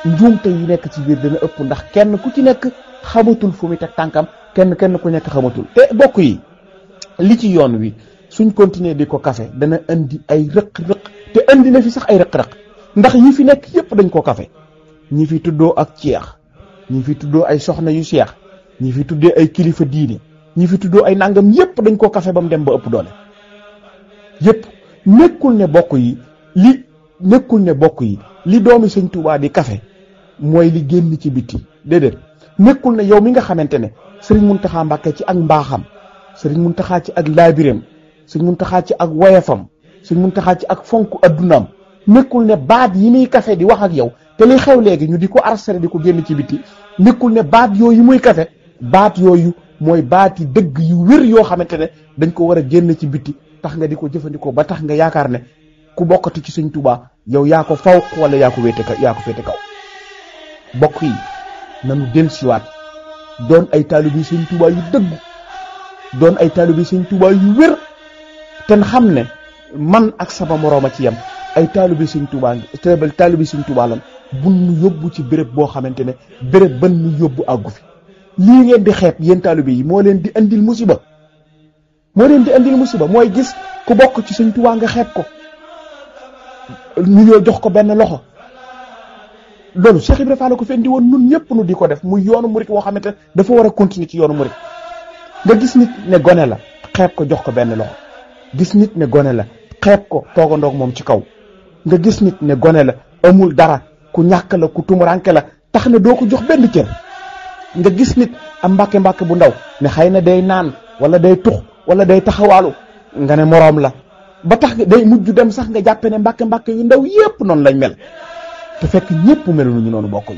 njuumte yi nekk ci biir dana ëpp ndax kenn ku ci nekk xamatul fu mu teg tànkam kenn kenn ku nekk xamatul te eh, bokk yi li ci yoon wi suñ continuer di ko kafe dana indi ay rëq-rëq te indi na fi sax ay rëq-rëq ndax ñi fi nekk yépp dañ ko kafe ñi fi tuddoo ak ceex ñi fi tuddoo ay soxna yu seex ñi fi tuddee ay kilifa diine ñi fi tuddoo ay nangam yépp dañ ko kafe ba mu dem ba ëpp doole yépp nekkul ne bokk yi li nekkul ne bokk yi li doomi sëñ Tuubaa di kafe mooy li génn ci biti déedéet nekkul ne yow mi nga xamante ne sëriñ Muntaxa Mbàkke ci ak mbaaxam sëriñ Muntaxa ci ak laabireem sëriñ Muntaxa ci ak woyefam sëriñ Muntaxa ci ak fonk addunaam nekkul ne baat yi muy kafe di wax ak yow te léegi ñu di ko arséer di ko génn ci biti nekkul ne baat yooyu mooy kafe baat yooyu mooy baati dëgg yu wér yoo xamante ne dañ ko war a génn ci biti tax nga di ko jëfandikoo ba tax nga yaakaar ne ku bokkati ci suñ Tuubaa yow yaa ko faw wala yaa ko wéete ka yaa ko kaw bokk yi nanu del siwaat doon ay taalibe Sëñ Tuubaa yu dëgg doon ay taalibe Sëñ Tuubaa wér ten xam ne man ak sama moroom a ci yem ay taalibe Sëñ Tuubaa tebal taalibe Sëñ Tuubaa lan bun nu yóbbu ci béréb boo xamante ne béréb ban mu yóbbu àggu fi lii ngeen di xeeb yéen taalibe yi moo leen di andil musiba moo leen di andil musiba mooy gis ku bokk ci Sëñ Tuubaa nga xeeb ko ñu ñoo jox ko benn loxo loolu Cheikh Ibrahima Fall ko fi indi woon nun ñëpp nu di ko def muy yoonu murit woo xamante dafa war a continuer ci yoonu murit nga gis nit ne gone la xeeb ko jox ko benn loxo gis nit ne gone la xeeb ko toogandoog moom ci kaw nga gis nit ne gone la amul dara ku ñàkk la ku tumuranke la tax ne doo ko jox benn cër nga gis nit am mbàkke mbàkke bu ndaw ne xëy na day naan wala day tux wala day taxawaalu nga ne moroom la ba tax day mujj dem sax nga jàppe ne mbàkke mbàkke yu ndaw yépp noonu lañ mel te fekk ñëpp mel ñu noonu bokkuñ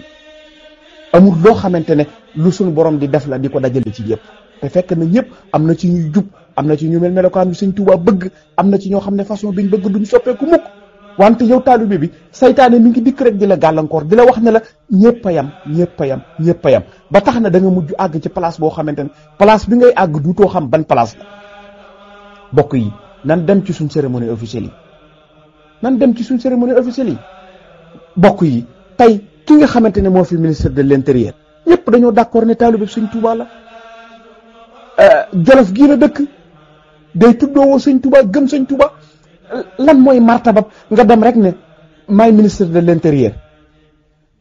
amul loo xamante ne lu suñu borom di def la di ko dajale ci ñëpp te fekk na ñëpp am na ci ñuy jub am na ci ñu mel melokaan yu sëñ Tuubaa bëgg am na ci ñoo xam ne façon bi biñ bëgg duñ soppeeku mukk wante yow taalibe bi seytaane mi ngi dikk rek di la gàllankoor di la wax ne la ñëpp a yam ñëpp yam ñëpp yam ba tax na da nga mujj àgg ci place boo xamante ne place bi ngay àgg duutoo xam ban place la bokk yi nan dem ci suñ cérémonie officielle yi nan dem ci suñ cérémonie officielle yi bokk yi tey ki nga xamante ne moo fi ministre de l'intérieur ñëpp dañoo d'accord ne taalibe sëñ Touba la euh, Jolof gii la dëkk day tuddoowoo sëñ Touba gëm sëñ Touba lan mooy marta martabab nga dem rek ne maay ministre de l'intérieur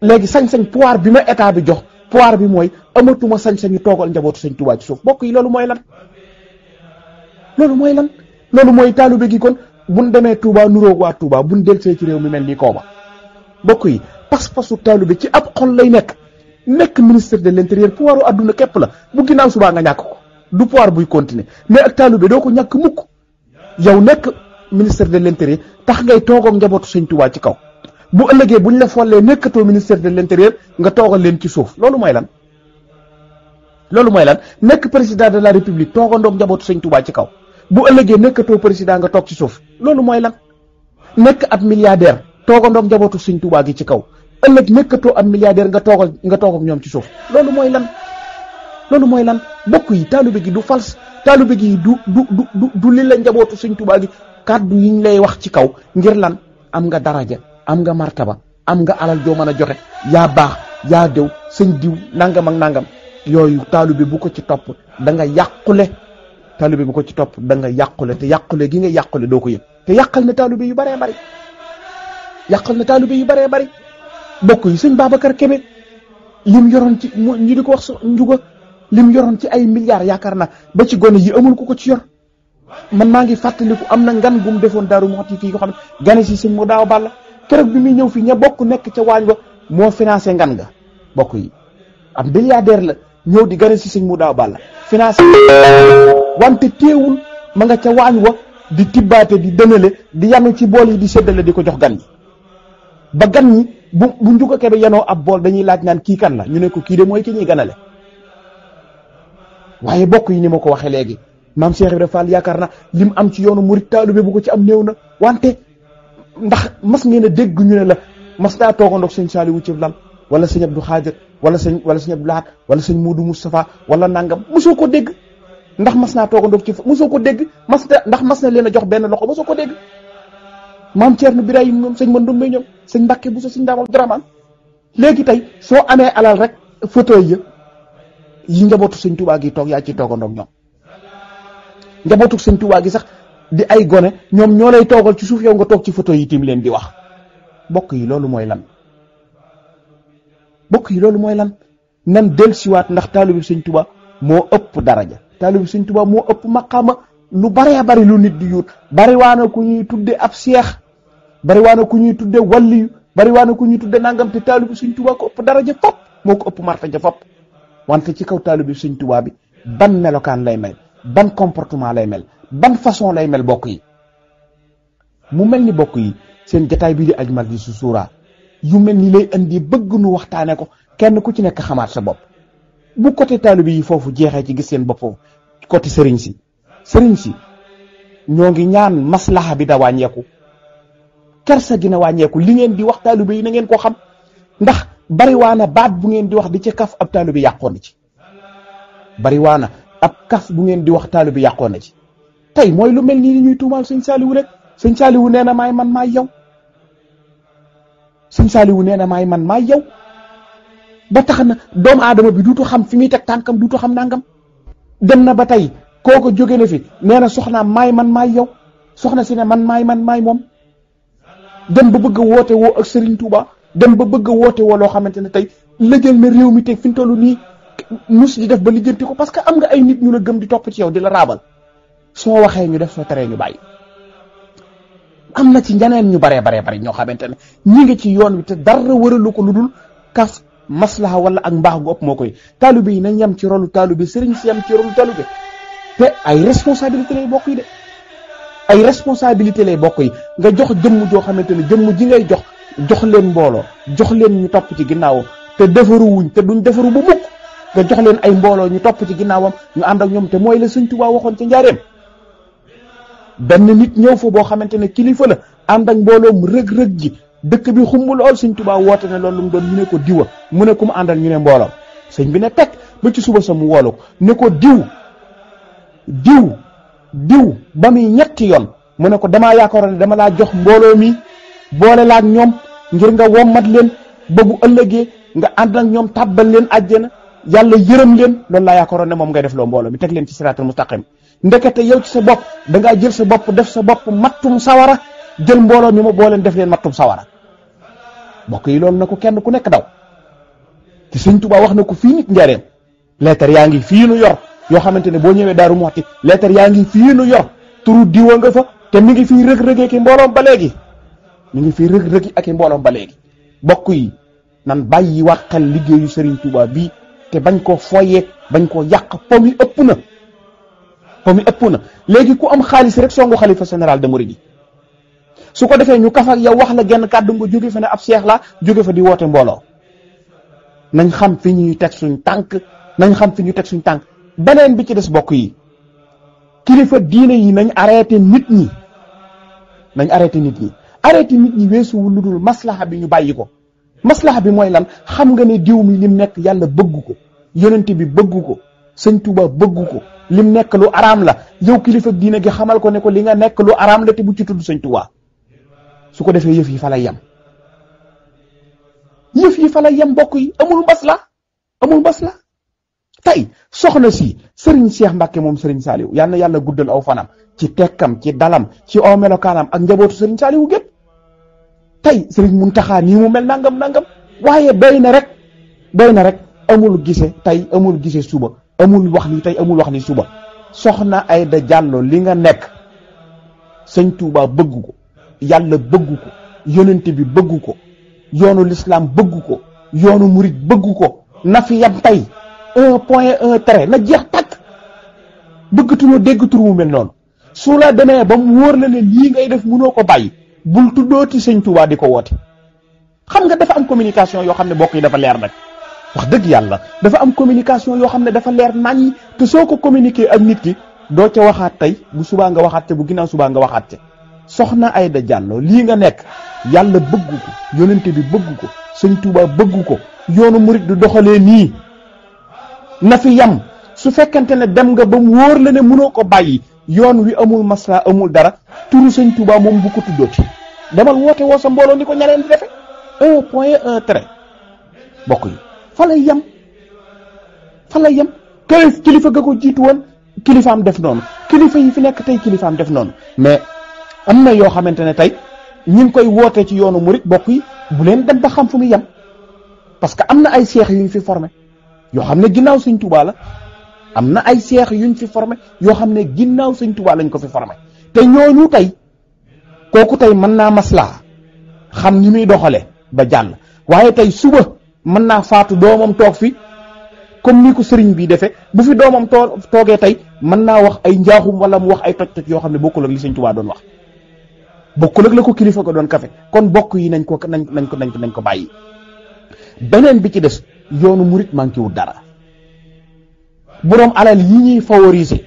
léegi sañ-sañ pouvoir bi ma état bi jox pouvoir bi mooy amatuma sañ-sañu toogal njabootu sëñ Touba ci suuf bokk yi loolu mooy lan loolu mooy lan loolu mooy taalibe gi kon bu buñ demee Touba nuroog waa Touba buñ delsee ci réew mi mel ni Kooba bokk yi pas-pasu taalibe ci ab xol lay nekk nekk ministre de l'intérieur pouvoiru àdduna képp la bu ginnaaw subaa nga ñàkk ko du pouvoir buy continuer mais ak taalibe doo ko ñàkk mukk yow nekk ministre de l'intérieur tax ngay toogoog njabootu sëñ Tuubaa ci kaw bu ëllëgee buñ la follee nekkatoo ministère de l'intérieur nga toogal leen ci suuf loolu mooy lan loolu mooy lan nekk président de la république toogandoog njabootu sëñ Tuubaa ci kaw bu ëllëgee nekkatoo président nga toog ci suuf loolu mooy lan nekk ab milliardaire toogandoog njabootu Sëñ Tuubaa gi ci kaw ëllëg nekkatoo am milliardaire nga toogal nga toog ñoom ci soof loolu mooy lan loolu mooy lan bokk yi taalibe gi du fals taalibe gi du du du du li la njabootu Sëñ Tuubaa gi kàddu yi lay wax ci kaw ngir lan am nga daraja am nga martaba am nga alal joo mën a joxe yaa baax yaa dew sëñ diw nangam ak nangam yooyu taalibe bu ko ci topp da nga yàqule taalibe bu ko ci topp da nga yàqule te yàqule gi nga yàqule doo ko yëg te na taalibe yàqal na taalibe yu bare bari bokk yi sëñ Babacar Kébé lim yoron ci ñu di ko wax njuga lim yoron ci ay milliards yaakaar ba ci gone yi amul ku ko ci yor man maa ngi fàttaliku am na ngan gum defoon daaru moxti fii yoo xam ne gane si sëñ mu daaw balla keroog bi muy ñëw fii ña bokk nekk ca waañ ba moo financé ngan nga bokk yi am milliardaire la ñëw di gane si sëñ mu daaw balla financé wante teewul ma nga ca waañ wa di tibbaate di dënale di yanu ci bool yi di séddale di ko jox gan ba gan ñi bu bu njuga kebe yanoo ab bool dañuy laaj naan kii kan la ñu ne ko kii de mooy ki ñuy ganale waaye bokk yi ni ma ko waxee léegi maam Cheikh Ibrahima Fall yaakaar na lim am ci yoonu murit taalibe bu ko ci am néew na wante ndax mas ngeen a dégg ñu ne la mas naa toogandoog sëñ wu cib lal wala sëñ Abdou Khadir wala sëñ wala sëñ Abdou Lahat wala sëñ Modou Moustapha wala nangam mosoo ko dégg ndax mas naa toogandoog ci musoo ko dégg mas na ndax mas na leen a jox benn loxo mosoo ko dégg mam nubirai birahim ñoom sëñ mandumbe ñom señ mbacke bu so señ daam abdourahmane léegi tay so amé alal rek photo ya yi njabootu señ tubaa gi tok ya ci toogandoog ñom njabootu señ tubaa gi sax di ay goné ñom ñolay togal ci suuf yow nga tok ci photo yi tim leen di wax bokk yi lolu moy lan bokk yi lolu moy lan nan del wat ndax taalibu señ tuba mo upp daraja taalibu señ tuba mo upp maqama lu bare bari lu nit di yut bari waana ku ñuy tuddé ab cheikh bari waa na ku ñuy tudde walliyu bari waa na ku ñuy tudde nangam te taalibu sëñ tubaa ko ëpp daraja fop moo ko ëpp martaja fop wante ci kaw taalibu sëñ tubaa bi ban melokaan lay mel ban comportement lay mel ban façon lay mel bokk yi mu mel ni bokk yi seen jataay bii di Al si suuraa yu mel ni lay indi bëgg nu waxtaane ko kenn ku ci nekk xamaat sa bopp bu côté taalibe yi foofu jeexee ci gis seen bopp foofu côté sëriñ si sëriñ si ñoo ngi ñaan maslaha bi da wàññeeku kersa dina wàññeeku li ngeen di wax taalibe yi na ngeen ko xam ndax bari bariwaana baat bu ngeen di wax di ci kaf ab taalibe yàqoon na ci bariwaana ab kaf bu ngeen di wax taalibe yàqoon na ci tey mooy lu mel nii ñuy tuumaal saali wu rek sëñ Saaliwu nee na maay man maay yow sëñ Saaliwu nee na maay man maay yow ba tax na doomu aadama bi duutu xam fi muy teg tànkam duutu xam nangam dem na ba tey kooko jóge na fi nee na soxnaam maay man maay yow soxna si ne man maay man maay moom dem ba bëgg a woote woo ak sëriñ Touba dem ba bëgg woote woo loo xamante ne tey lëjal na réew mi te fi mu toll nii nus di def ba lijjanti ko parce que am nga ay nit ñu la gëm di topp ci yow di la raabal soo waxee ñu def soo teree ñu bàyyi. am na ci ñeneen ñu baree baree bari ñoo xamante ne ñi ngi ci yoon wi te dara waralu ko lu dul kas maslaha wala ak mbaax gu ëpp moo koy taalibe yi nañ yem ci rolu taalibe sëriñ si yem ci rolu taalibe te ay responsabilité lay yi de. ay responsabilité lay bokk yi nga jox jëmm joo xamante ne jëmm ji ngay jox jox leen mbooloo jox leen ñu topp ci ginnaaw te defaru wuñ te duñ defaru ba mukk nga jox leen ay mbooloo ñu topp ci ginnaawam ñu ànd ñoom te mooy la Sëñ Tuubaa waxoon ci njaareem benn nit ñëw fa boo xamante ne kilifa la ànd ak mbooloom rëg-rëg ji dëkk bi xumb lool Sëñ Tuubaa woote ne loolu mu doon ñu ne ko diwa mu ne ku mu àndal ñu ne mbooloo sëñ bi ne teg ba ci suba sa mu woolu ne ko diw diw diw ba muy ñetti yoon mu ne ko damaa yaakaaroon ne dama laa jox mbooloo mi boole laak ñoom ngir nga wommat leen ba bu ëllëgee nga ànd ak ñoom tàbbal leen àjjana yàlla yërëm leen loolu laa yaakaaroon ne moom ngay def loo mbooloo mi teg leen ci siraatal mustaqim ndekete yow ci sa bopp da jël sa bopp def sa bopp mattum sawara jël mbooloo mi ma boo def leen mattum sawara mbokk yi loolu na ko kenn ku nekk daw te sëñ Tuubaa wax na ko fii nit njëriñ leetar yaa ngi fii yor yo xamantene ne ñewé daru daaru lettre yaangi fi ñu yor turu diwa nga fa te mi ngi fi rëg-rëgee ak mbolom ba légui mi ngi fi rëg-rëgi ak mbolom ba légui bokk yi nan bayyi waxal liggéeyu serigne touba bi te bañ ko foyé bañ ko yaq pomi ëpp na pomi ëpp na légui ku am xaaliss rek songu khalifa général de mouride su ko defee ñu kaf ak yow wax la genn kaddu nga joggé fa né ab cheikh la joggé fa di woté mbolo nañ xam fi ñuy tek suñ tank nañ xam fi ñuy tek suñ tank beneen bi ci des bokk yi kilifa diine yi nañ arrêté nit ñi nañ arrêté nit ñi arrêté nit ñi weesuwul maslaha bi ñu bàyyi ko maslaha bi mooy lan xam nga ne diw mi lim nekk yàlla bëgg ko yonent bi bëgg ko sëñ Tuuba bëgg ko lim nekk lu araam la yow kilifa diine gi xamal ko ne ko li nga nekk lu araam la te bu ci tudd sëñ Tuuba su ko defee yëf yi fa lay yem yëf yi fa lay bokk yi amul mbas la amul mbas la tey soxna si Serigne Cheikh Mbacke moom Serigne Saliou yal na yàlla guddal aw fanam ci tekkam ci dalam ci aw melokaanam ak njabootu Serigne Saliou gépp tey Serigne Mountakha nii mu mel nangam nangam waaye béy na rek béy na rek amul gise tey amul gise suba amul wax lii tey amul wax ni suba soxna Aida Diallo li nga nekk sëñ Touba bëgg ko yàlla bëgg ko yonent bi bëgg ko yoonu lislaam bëgg ko yoonu murit bëgg ko na fi tey. un point un trait na jeex tak begitu déggatuloo mu mel non, su la demee ba mu wóor la ne lii ngay def munoo ko bàyyi bul tuddooti sëñ Touba di ko woote xam nga dafa am communication yoo xam ne bokk yi dafa leer nag wax dëgg yàlla dafa am communication yoo xam ne dafa leer nañ te soo communiquer ak nit ki doo ca waxaat tey bu subaa nga waxaat te bu ginnaaw subaa nga waxaat te soxna Aida Diallo lii nga nekk yàlla bëgg ko yonente bi bëgg ko sëñ Touba bëgg ko yoonu du na fi yam su fekkente ne dem nga ba mu wóor la ne munoo ko bàyyi yoon wi amul masla amul dara turu sëñ Touba moom bu ko ci demal woote woo sa mbooloo ni ko ñaleen di defe un point bokk yi fa lay yem fa lay yem kilifa ga ko jiitu woon kilifaam def noonu kilifa yi fi nekk tey kilifaam def noonu mais am na yoo xamante ne tey ñi ngi koy woote ci yoonu murit bokk yi bu leen dem xam fu muy yem parce que am na ay seex yu ñu fi formé yoo xam ne ginnaaw sëñ Tuubaa la am na ay seex yuñ fi forme yoo xam ne ginnaaw sëñ Tuubaa lañ ko fi formé te ñoo ñooñu tey kooku tey mën naa maslaa xam ni muy doxale ba jàll waaye tey suba mën naa faatu doomam toog fi comme nii ko sëriñ bii defee bu fi doomam too toogee tey mën naa wax ay njaaxum wala mu wax ay toj-toj yoo xam ne bokkul ak doon wax bokkul ak la ko kilifa ko doon kafe kon bokk yi nañ ko nañ nañ ko nañ ko bàyyi beneen bi ci des yoonu murit manqué wu dara boroom alal yi ñuy favoriser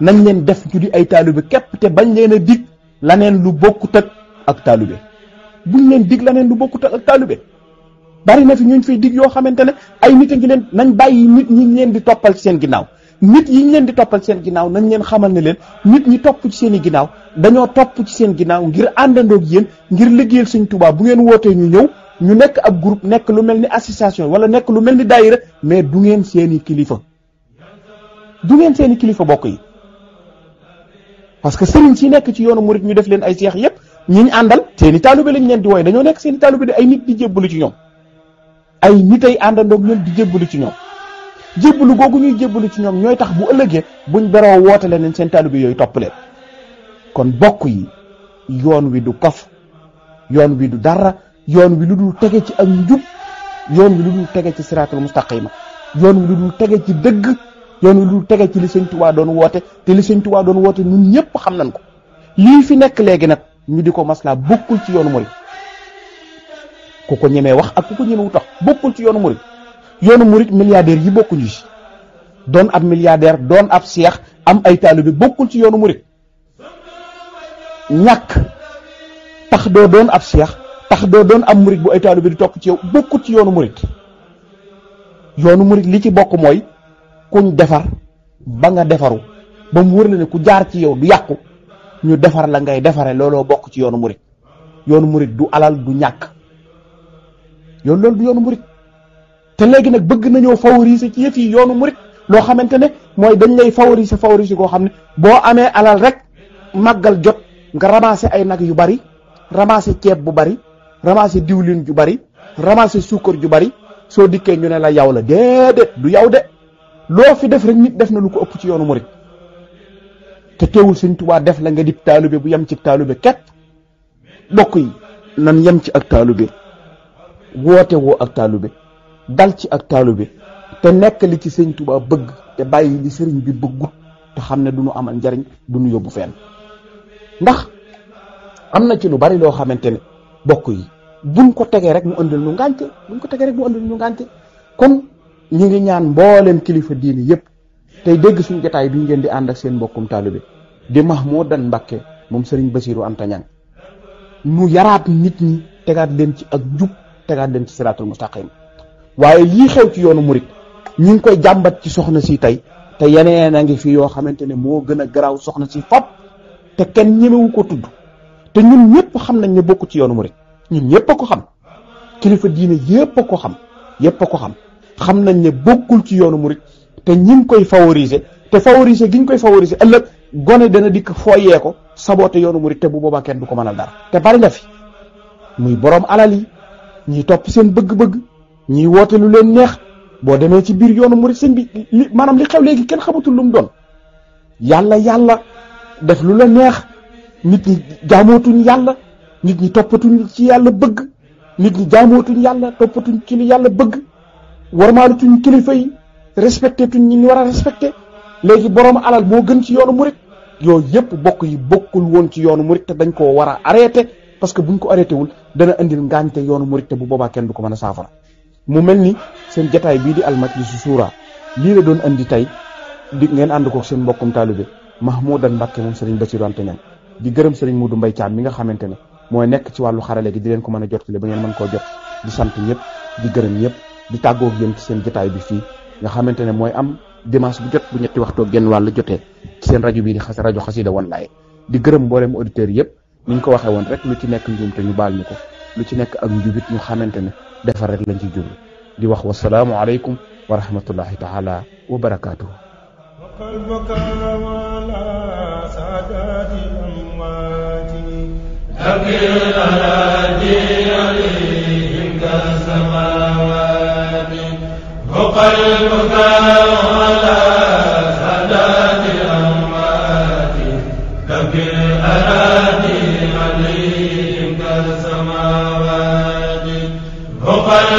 nañ leen def ñu di ay taalibe képp te bañ leen a dig laneen lu bokkut ak taalibe buñ leen dig laneen lu bokkut ak taalibe bari na fi ñuñ fiy digg yoo xamante ne ay nit a ngi leen nañ bàyyi nit ñi leen di toppal ci seen ginnaaw nit yi ñu leen di toppal seen ginnaaw nañ leen xamal ne leen nit ñi topp ci seen ginnaaw dañoo topp ci seen ginnaaw ngir àndandoog yéen ngir liggéeyal Sëñ Tuubaa bu ngeen wootee ñu ñëw ñu nekk ab group nekk lu mel ni association wala nekk lu mel ni daayira mais du ngeen seeni kilifa du ngeen seeni kilifa bokk yi parce que sëriñ si nekk ci yoonu murit ñu def leen ay seex yépp ñi ñu àndal seeni taalibe lañ leen di wooye dañoo nekk seeni taalibe di ay nit di jébbalu ci ñoom ay nit ay àndandoog ñoom di jébbalu ci ñoom jébbalu googu ñuy jébbalu ci ñoom ñooy tax bu ëllëgee buñ beroo woote leen seen taalibe yooyu topp leen kon bokk yi yoon wi du kaf yoon wi du dara yoon wi lu dul tege ci ak njub yoon wi lu dul tege ci siraatul mustaqima yoon wi lu dul tege ci dëgg yoon wi lu dul tege ci li sëñ doon woote te li sëñ doon woote ñun ñëpp xam nañ ko lii fi nekk léegi nag ñu di ko maslaa bokkul ci yoonu murid ku ko ñemee wax ak ku ko ñemewut wax bokkul ci yoonu murid yoonu murid milliardaire yi bokkuñu ci doon ab milliardaire ab seex am ay taalibe bokkul ci yoonu murid ñàkk tax doo doon ab seex tax doo doon am murit bu ay taalu bi di topp ci yow bokkut ci yoonu murit yoonu murit li ci bokk mooy kuñ defar ba nga defaru ba mu wër la ne ku jaar ci yow du yàqu ñu defar la ngay defare looloo bokk ci yoonu murit yoonu murit du alal du ñàkk yoon loolu du yoonu murit te léegi nag bëgg nañoo favoriser ci yëf yi yoonu murit loo xamante ne mooy dañ lay favoriser favoriser goo xam ne boo amee alal rek màggal jot nga ramasser ay nag yu bari ramasser ceeb bu bari ramasser diwlin ju bari ramasser suukar ju bari soo dikkee ñu ne la yow la déedéet du yow de loo fi def rek nit def na lu ko ëpp ci yoonu murit te teewul Sëñ Tuubaa def la nga di taalube bu yem ci taalube ket bokk yi nan yem ci ak taalube woote woo ak taalube dal ci ak taalube te nekk li ci Sëñ Tuubaa bëgg te bàyyi li sëriñ bi bëggut te xam ne du nu amal njariñ du nu yóbbu fenn ndax am na ci lu bari loo xamante ne bokk yi buñ ko tegee rek mu ëndal ñu ngànte buñ ko tegee rek mu ëndal ñu ngànte kon ñu ngi ñaan mboolem kilifa diini yëpp tey dégg suñu jotaay bi ngeen di ànd ak seen mbokkum taalibe di moo dan mbakke moom Serigne Bassirou Anta Niang nu yaraat nit ñi tegaat leen ci ak jub tegaat leen ci siraatul mustaqim waaye lii xew ci yoonu mu murit ñu ngi koy jàmbat ci soxna si tey te yeneen a ngi fii yoo xamante ne moo gën a garaaw soxna si fop te kenn ñemewu ko tudd te ñun ñëpp xam nañ ne bokk ci yoonu murit ñun ñëpp a ko xam kilifa diine yëpp a ko xam yëpp ko xam xam nañ ne bokkul ci yoonu murit te ñi koy favoriser te favoriser gi ñu koy favoriser ëllëg gone dana dikk fooyee ko saboote yoonu murit te bu boobaa kenn du ko a dara te bari na fi muy boroom alal yi ñiy topp seen bëgg-bëgg ñiy woote lu leen neex boo demee ci biir yoonu murit sëñ bi maanaam li xew léegi kenn xamatul lu mu doon yàlla yàlla def lu la neex nit ñi jaamootuñ yàlla nit ñi toppatuñ ci yàlla bëgg nit ñi jaamootuñ yàlla toppatuñ ci li yàlla bëgg war tuñ kilifa yi respecté tuñ ñi ñu war a respecté léegi borom alal moo gën ci yoonu murit yooyu yëpp bokk yi bokkul woon ci yoonu murit te dañ koo war a arrêté parce que buñ ko arrêté wul dana andil ngaañte yoonu murit te bu boobaa kenn du ko mën a saafara mu mel ni seen jetaay bii di Al Majlizou Zoura lii la doon indi tey di ngeen ànd ko seen mbokkum taalibe Mahmoudan Mbacke moom Serigne Bassirou Anta Niang di gërëm Serigne Modou Mbaye mi nga xamante ne mooy nek ci walu xarale gi di len ko meuna jotale ba ngeen man ko jot di sant di gëreem di ak yeen ci seen jotaay bi fi nga xamantene moy am dimanche bu jot bu ñetti waxtoo genn walu joté ci seen radio bi di radio xassida won lay di gëreem mbolem auditeur yëpp ni ñu ko waxee won rek lu ci nek ñoom te ñu bal ñuko lu ci nek ak njubit ñu xamantene ne rek lañ ci jull di wax salaamu alaykum wa rahmatullahi taala wa أكرم أرادي عليهم كالسماوات فوق على سادات الأموات تبكي الأراضي عليهم كالسماوات فوق على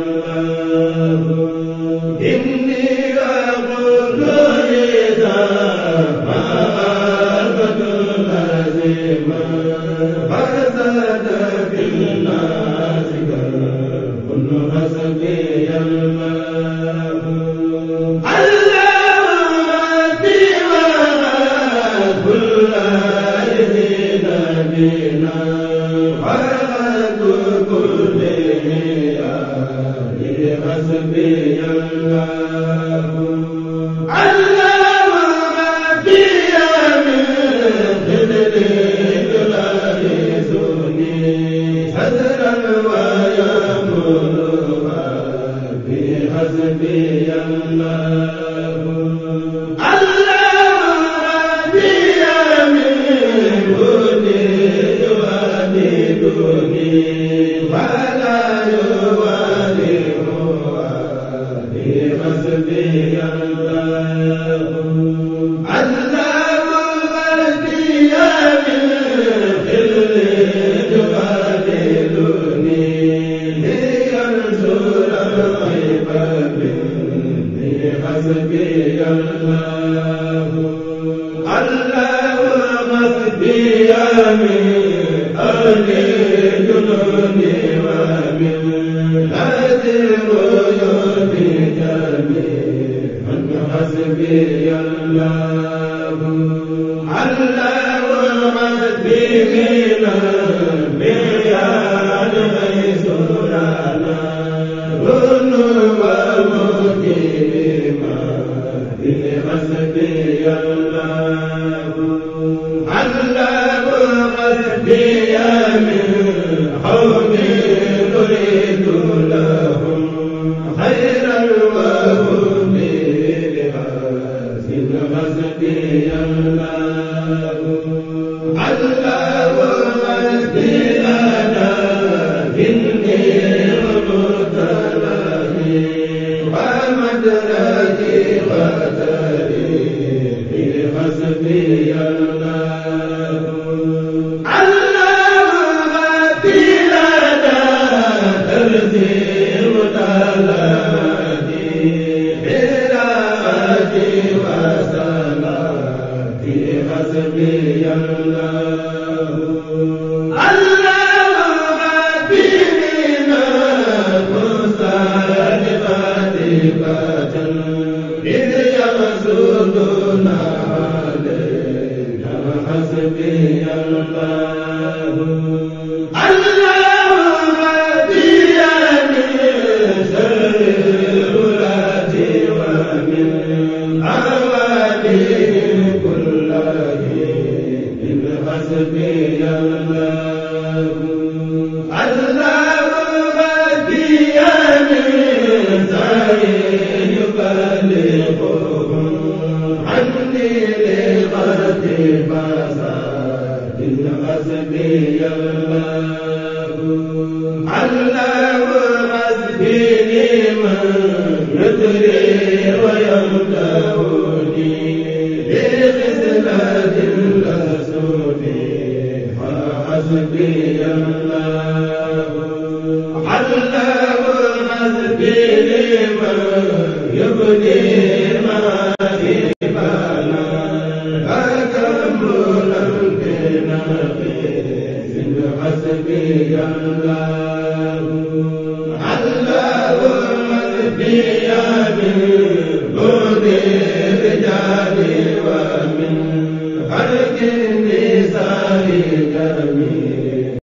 بميلاد